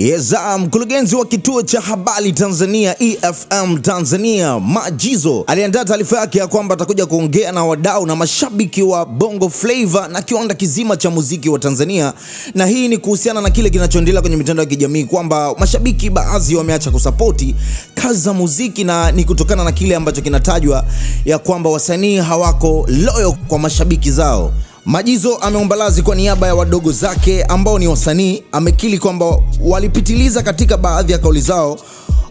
Yeza, mkurugenzi wa kituo cha habari Tanzania EFM Tanzania Majizo aliandaa taarifa yake ya kwamba atakuja kuongea na wadau na mashabiki wa Bongo Flava na kiwanda kizima cha muziki wa Tanzania, na hii ni kuhusiana na kile kinachoendelea kwenye mitandao ya kijamii kwamba mashabiki baadhi wameacha kusapoti kazi za muziki, na ni kutokana na kile ambacho kinatajwa ya kwamba wasanii hawako loyo kwa mashabiki zao. Majizo ameomba radhi kwa niaba ya wadogo zake ambao ni wasanii. Amekiri kwamba walipitiliza katika baadhi ya kauli zao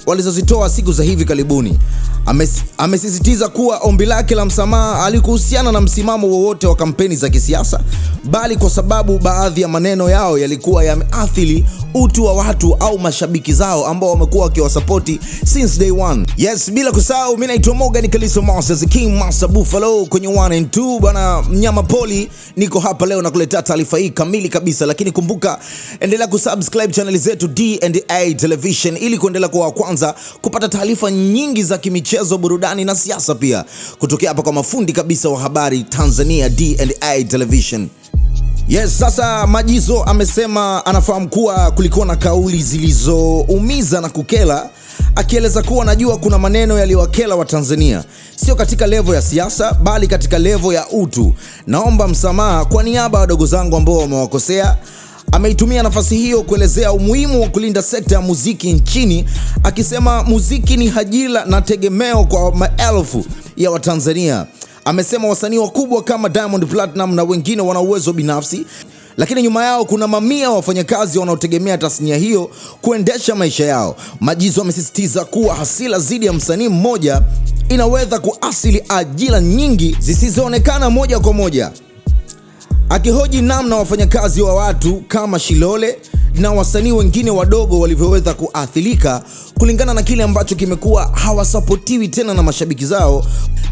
walizozitoa siku za hivi karibuni. Ames, amesisitiza kuwa ombi lake la msamaha alikuhusiana na msimamo wowote wa kampeni za kisiasa, bali kwa sababu baadhi ya maneno yao yalikuwa yameathiri utu wa watu au mashabiki zao ambao wamekuwa wakiwasapoti since day one. Yes, bila kusahau mimi naitwa Morgan Kaliso Masters, King Master Buffalo kwenye 1 and 2 bwana mnyama poli, niko hapa leo na kuletea taarifa hii kamili kabisa, lakini kumbuka endelea kusubscribe channel zetu D&A Television ili kuendelea kuwa kwanza kwanza kupata taarifa nyingi za kimichezo, burudani na siasa pia kutokea hapa kwa mafundi kabisa wa habari Tanzania D&I Television. Yes, sasa Majizo amesema anafahamu kuwa kulikuwa na kauli zilizoumiza na kukela, akieleza kuwa anajua kuna maneno yaliyowakela tanzania sio katika levo ya siasa, bali katika levo ya utu. Naomba msamaha kwa niaba ya wadogo zangu ambao wamewakosea ameitumia nafasi hiyo kuelezea umuhimu wa kulinda sekta ya muziki nchini, akisema muziki ni ajira na tegemeo kwa maelfu ya Watanzania. Amesema wasanii wakubwa kama Diamond Platinum na wengine wana uwezo binafsi, lakini nyuma yao kuna mamia wafanyakazi wanaotegemea tasnia hiyo kuendesha maisha yao. Majizo amesisitiza kuwa hasira dhidi ya msanii mmoja inaweza kuasili ajira nyingi zisizoonekana moja kwa moja akihoji namna wafanyakazi wa watu kama Shilole na wasanii wengine wadogo walivyoweza kuathirika kulingana na kile ambacho kimekuwa hawasapotiwi tena na mashabiki zao.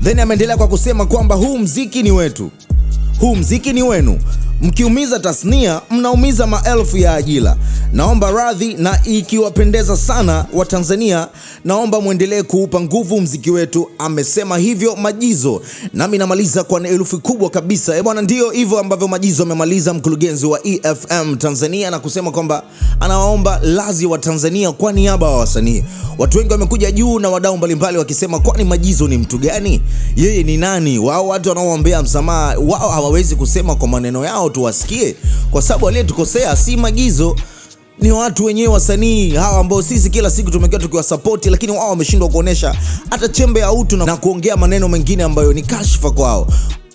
Then ameendelea kwa kusema kwamba huu mziki ni wetu, huu mziki ni wenu, Mkiumiza tasnia, mnaumiza maelfu ya ajira. Naomba radhi, na ikiwapendeza sana Watanzania, naomba mwendelee kuupa nguvu mziki wetu. Amesema hivyo Majizo, nami namaliza kwa herufi kubwa kabisa. Eh bwana, ndio hivyo ambavyo Majizo amemaliza, mkurugenzi wa EFM Tanzania, na kusema kwamba anawaomba lazi wa Tanzania kwa niaba wa wasanii. Watu wengi wamekuja juu na wadau mbalimbali wakisema, kwani Majizo ni mtu gani? Yeye ni nani? Wao watu wanaoombea msamaha wao hawawezi kusema kwa maneno yao wao tuwasikie, kwa sababu aliyetukosea si Magizo, ni watu wenyewe wasanii hawa ambao sisi kila siku tumekuwa tukiwasapoti, lakini wao wameshindwa kuonesha hata chembe ya utu na kuongea maneno mengine ambayo ni kashfa kwao.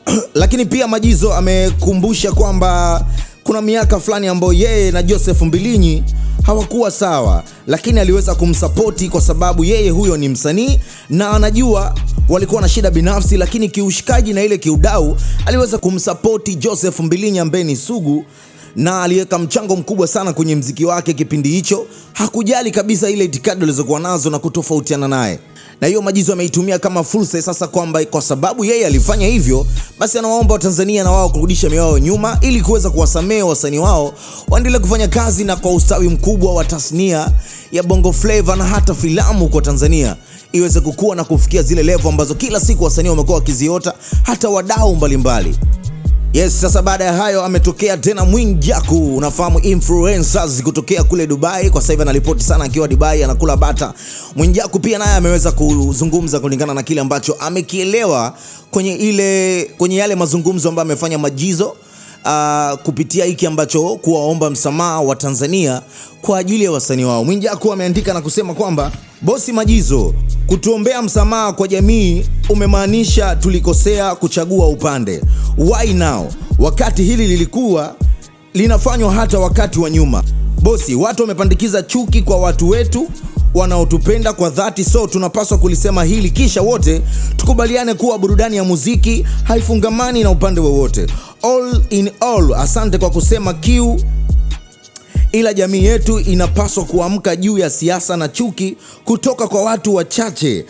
Lakini pia Majizo amekumbusha kwamba kuna miaka fulani ambayo yeye na Joseph Mbilinyi hawakuwa sawa, lakini aliweza kumsapoti kwa sababu yeye huyo ni msanii na anajua walikuwa na shida binafsi, lakini kiushikaji na ile kiudau aliweza kumsapoti Joseph Mbilinya Mbeni Sugu na aliweka mchango mkubwa sana kwenye mziki wake kipindi hicho. Hakujali kabisa ile itikadi alizokuwa nazo na kutofautiana naye, na hiyo Majizo ameitumia kama fursa sasa, kwamba kwa sababu yeye alifanya hivyo, basi anawaomba Watanzania na wao kurudisha mioyo nyuma ili kuweza kuwasamehe wasanii wao waendelee kufanya kazi na kwa ustawi mkubwa wa tasnia ya Bongo Flava na hata filamu kwa Tanzania iweze kukua na kufikia zile levo ambazo kila siku wasanii wamekuwa wakiziota hata wadau mbalimbali. Yes, sasa baada ya hayo ametokea tena Mwijaku, unafahamu influencers kutokea kule Dubai. Kwa sasa hivi anaripoti sana akiwa Dubai anakula bata. Mwijaku pia naye ameweza kuzungumza kulingana na kile ambacho amekielewa kwenye ile kwenye yale mazungumzo ambayo amefanya Majizo uh, kupitia hiki ambacho kuwaomba msamaha wa Tanzania kwa ajili ya wasanii wao. Mwijaku ameandika na kusema kwamba Bosi Majizo, kutuombea msamaha kwa jamii umemaanisha tulikosea kuchagua upande. Why now? Wakati hili lilikuwa linafanywa hata wakati wa nyuma. Bosi, watu wamepandikiza chuki kwa watu wetu wanaotupenda kwa dhati, so tunapaswa kulisema hili, kisha wote tukubaliane kuwa burudani ya muziki haifungamani na upande wowote all in all, asante kwa kusema Q, ila jamii yetu inapaswa kuamka juu ya siasa na chuki kutoka kwa watu wachache.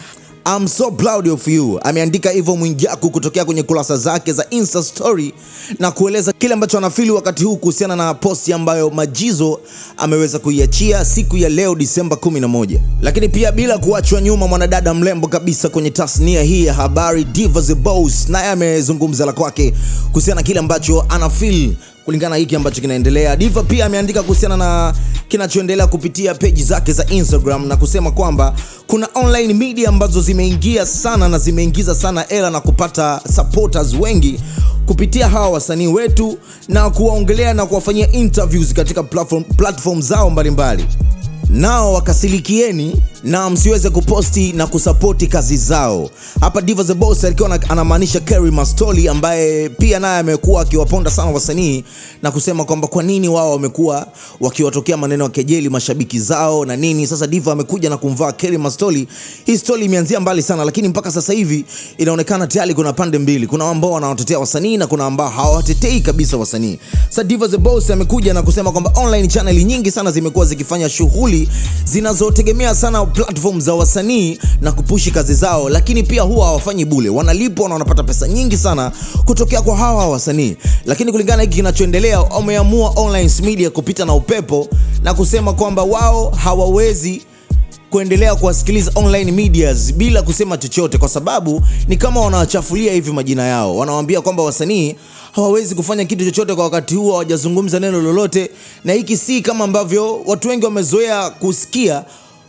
I'm so proud of you. Ameandika hivyo Mwijaku kutokea kwenye kurasa zake za Insta story na kueleza kile ambacho anafili wakati huu kuhusiana na posti ambayo Majizo ameweza kuiachia siku ya leo Disemba 11. Lakini pia bila kuachwa nyuma mwanadada mrembo kabisa kwenye tasnia hii ya habari Diva the Boss naye amezungumza la kwake kuhusiana na kile ambacho anafili kulingana na hiki ambacho kinaendelea. Diva pia ameandika kuhusiana na kinachoendelea kupitia peji zake za Instagram na kusema kwamba kuna online media ambazo zimeingia sana na zimeingiza sana hela na kupata supporters wengi kupitia hawa wasanii wetu na kuwaongelea na kuwafanyia interviews katika platform, platform zao mbalimbali mbali nao wakasilikieni na msiweze kuposti na kusapoti kazi zao. Hapa Diva the Boss alikuwa anamaanisha Kerry Mastoli ambaye pia naye amekuwa akiwaponda sana wasanii na kusema kwamba kwa nini wao wamekuwa wakiwatokea maneno ya kejeli mashabiki zao na nini. Sasa Diva amekuja na kumvaa Kerry Mastoli. Hii story imeanzia mbali sana, lakini mpaka sasa hivi inaonekana tayari kuna pande mbili, kuna ambao wanawatetea wasanii na kuna ambao hawatetei kabisa wasanii. Sasa Diva the Boss amekuja na kusema kwamba online channel nyingi sana zimekuwa zikifanya shughuli zinazotegemea sana platform za wasanii na kupushi kazi zao, lakini pia huwa hawafanyi bule wanalipwa na wanapata pesa nyingi sana kutokea kwa hawa wasanii. Lakini kulingana hiki kinachoendelea, wameamua Online Media kupita na upepo na kusema kwamba wao hawawezi kuendelea kuwasikiliza online medias bila kusema chochote, kwa sababu ni kama wanawachafulia hivi majina yao. Wanawaambia kwamba wasanii hawawezi kufanya kitu chochote kwa wakati huu, hawajazungumza neno lolote, na hiki si kama ambavyo watu wengi wamezoea kusikia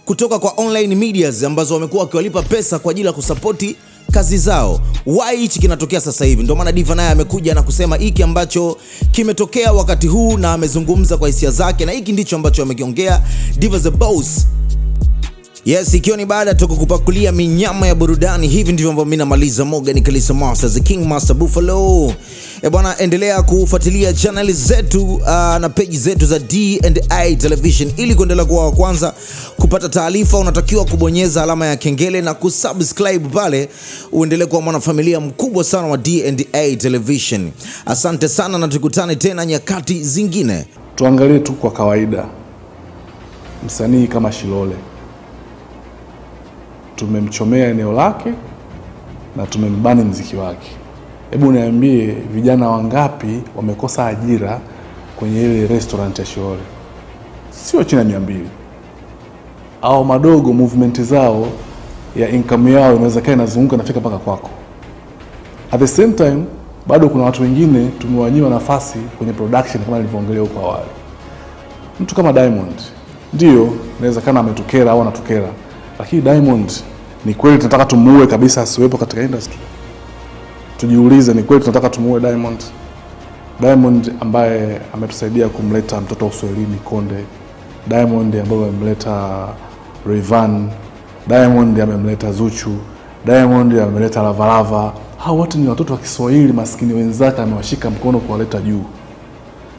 kutoka kwa online medias ambazo wamekuwa wakiwalipa pesa kwa ajili ya kusapoti kazi zao. Why hichi kinatokea sasa hivi? Ndio maana Diva naye amekuja na kusema hiki ambacho kimetokea wakati huu, na amezungumza kwa hisia zake, na hiki ndicho ambacho amekiongea. Diva the boss Yes, ikiwa ni baada tu kukupakulia minyama ya burudani, hivi ndivyo ambavyo mimi namaliza Morgan Kalisa Masters, King Master Buffalo. E bwana, endelea kufuatilia chaneli zetu uh, na peji zetu za D&I Television ili kuendelea kuwa wa kwanza kupata taarifa. Unatakiwa kubonyeza alama ya kengele na kusubscribe pale, uendelee kuwa mwanafamilia mkubwa sana wa D&I Television. Asante sana na tukutane tena nyakati zingine. Tuangalie tu kwa kawaida msanii kama Shilole tumemchomea eneo lake na tumembani mziki wake. Hebu niambie vijana wangapi wamekosa ajira kwenye ile restaurant ya Shore? Sio chini ya mia mbili. Au madogo movement zao ya income yao inawezekana inazunguka nafika mpaka kwako. At the same time bado kuna watu wengine tumewanyima nafasi kwenye production kama nilivyoongelea huko awali. Mtu kama Diamond ndio inawezekana ametukera au anatukera lakini Diamond ni kweli tunataka tumuue kabisa asiwepo katika industry? Tujiulize, ni kweli tunataka tumuue Diamond? Diamond ambaye ametusaidia kumleta mtoto wa Konde, Diamond ambaye amemleta Rayvanny, Diamond amemleta Zuchu, Diamond ameleta Lavalava. Hawa wote ni watoto wa Kiswahili maskini wenzake, amewashika mkono kuwaleta juu.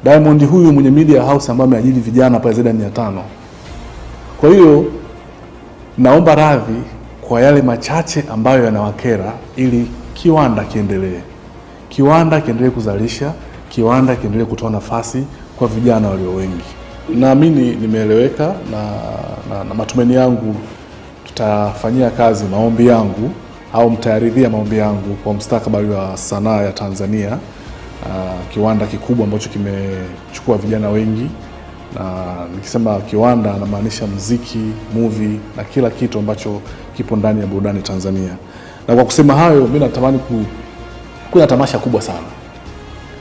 Diamond huyu mwenye media house ambaye ameajiri vijana pale zaidi ya 500. Kwa hiyo Naomba radhi kwa yale machache ambayo yanawakera, ili kiwanda kiendelee, kiwanda kiendelee kuzalisha, kiwanda kiendelee kutoa nafasi kwa vijana walio wengi. Naamini nimeeleweka na, na, na matumaini yangu tutafanyia kazi maombi yangu au mtayaridhia maombi yangu kwa mstakabali wa sanaa ya Tanzania. Uh, kiwanda kikubwa ambacho kimechukua vijana wengi na nikisema kiwanda anamaanisha mziki, muvi na kila kitu ambacho kipo ndani ya burudani Tanzania. Na kwa kusema hayo, mimi natamani ku, kuna tamasha kubwa sana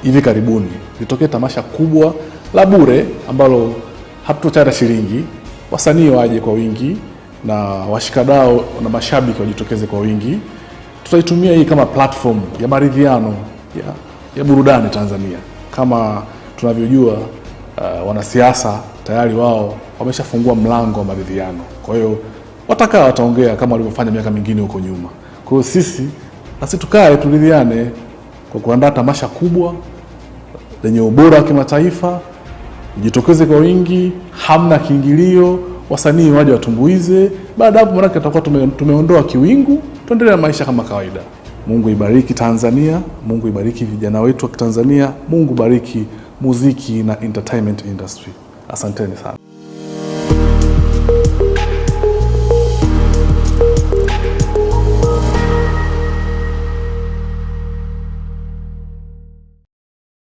hivi karibuni litokee tamasha kubwa la bure ambalo hatutochara shilingi, wasanii waje kwa wingi na washikadao na mashabiki wajitokeze kwa wingi. Tutaitumia hii kama platform ya maridhiano ya, ya burudani Tanzania kama tunavyojua uh, wanasiasa tayari wao wameshafungua mlango wa maridhiano. Kwa hiyo watakaa, wataongea kama walivyofanya miaka mingine huko nyuma. Kwa hiyo sisi nasi tukae turidhiane kwa kuandaa tamasha kubwa lenye ubora wa kimataifa, jitokeze kwa wingi, hamna kiingilio, wasanii waje watumbuize. Baada hapo, manake tutakuwa tume, tumeondoa kiwingu, tuendelee na maisha kama kawaida. Mungu ibariki Tanzania, Mungu ibariki vijana wetu wa Kitanzania, Mungu bariki muziki na entertainment industry. Asanteni sana.